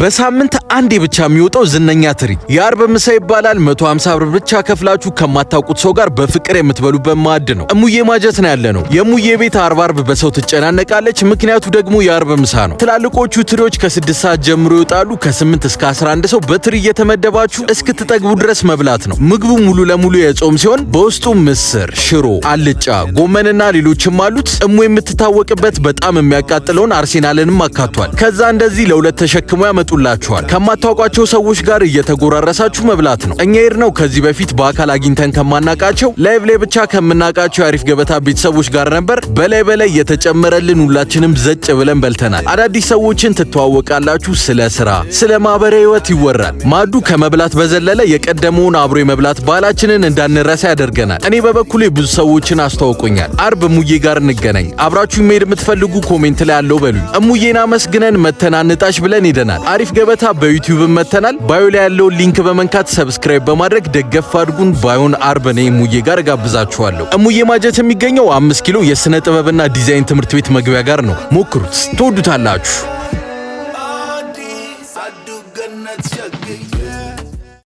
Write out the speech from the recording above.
በሳምንት አንዴ ብቻ የሚወጣው ዝነኛ ትሪ የአርብ ምሳ ይባላል። 150 ብር ብቻ ከፍላችሁ ከማታውቁት ሰው ጋር በፍቅር የምትበሉበት ማዕድ ነው። እሙዬ ማጀት ነው ያለ ነው። የሙዬ ቤት አርብ አርብ በሰው ትጨናነቃለች። ምክንያቱ ደግሞ የአርብ ምሳ ነው። ትላልቆቹ ትሪዎች ከ6 ሰዓት ጀምሮ ይወጣሉ። ከ8 እስከ 11 ሰው በትሪ እየተመደባችሁ እስክትጠግቡ ድረስ መብላት ነው። ምግቡ ሙሉ ለሙሉ የጾም ሲሆን በውስጡ ምስር፣ ሽሮ፣ አልጫ፣ ጎመንና ሌሎችም አሉት። እሙ የምትታወቅበት በጣም የሚያቃጥለውን አርሴናልንም አካቷል። ከዛ እንደዚህ ለሁለት ተሸክሞ ያመጡላችኋል። ከማታውቋቸው ሰዎች ጋር እየተጎራረሳችሁ መብላት ነው። እኛ ሄድ ነው ከዚህ በፊት በአካል አግኝተን ከማናቃቸው ላይቭ ላይ ብቻ ከምናቃቸው የአሪፍ ገበታ ቤተሰቦች ጋር ነበር። በላይ በላይ የተጨመረልን ሁላችንም ዘጭ ብለን በልተናል። አዳዲስ ሰዎችን ትተዋወቃላችሁ። ስለ ስራ፣ ስለ ማህበራዊ ህይወት ይወራል። ማዱ ከመብላት በዘለለ የቀደመውን አብሮ የመብላት ባህላችንን እንዳንረሳ ያደርገናል። እኔ በበኩሌ ብዙ ሰዎችን አስተዋውቆኛል። አርብ እሙዬ ጋር እንገናኝ፣ አብራችሁ መሄድ የምትፈልጉ ኮሜንት ላይ ያለው በሉኝ። እሙዬን አመስግነን መተናንጣሽ ብለን ሄደናል። አሪፍ ገበታ በዩቲዩብ መተናል። ባዮ ላይ ያለውን ሊንክ በመንካት ሰብስክራይብ በማድረግ ደገፍ አድጉን። ባዮን አርብ እኔ እሙዬ ጋር ጋብዛችኋለሁ። እሙዬ ማጀት የሚገኘው አምስት ኪሎ የሥነ ጥበብና ዲዛይን ትምህርት ቤት መግቢያ ጋር ነው። ሞክሩት፣ ትወዱታላችሁ።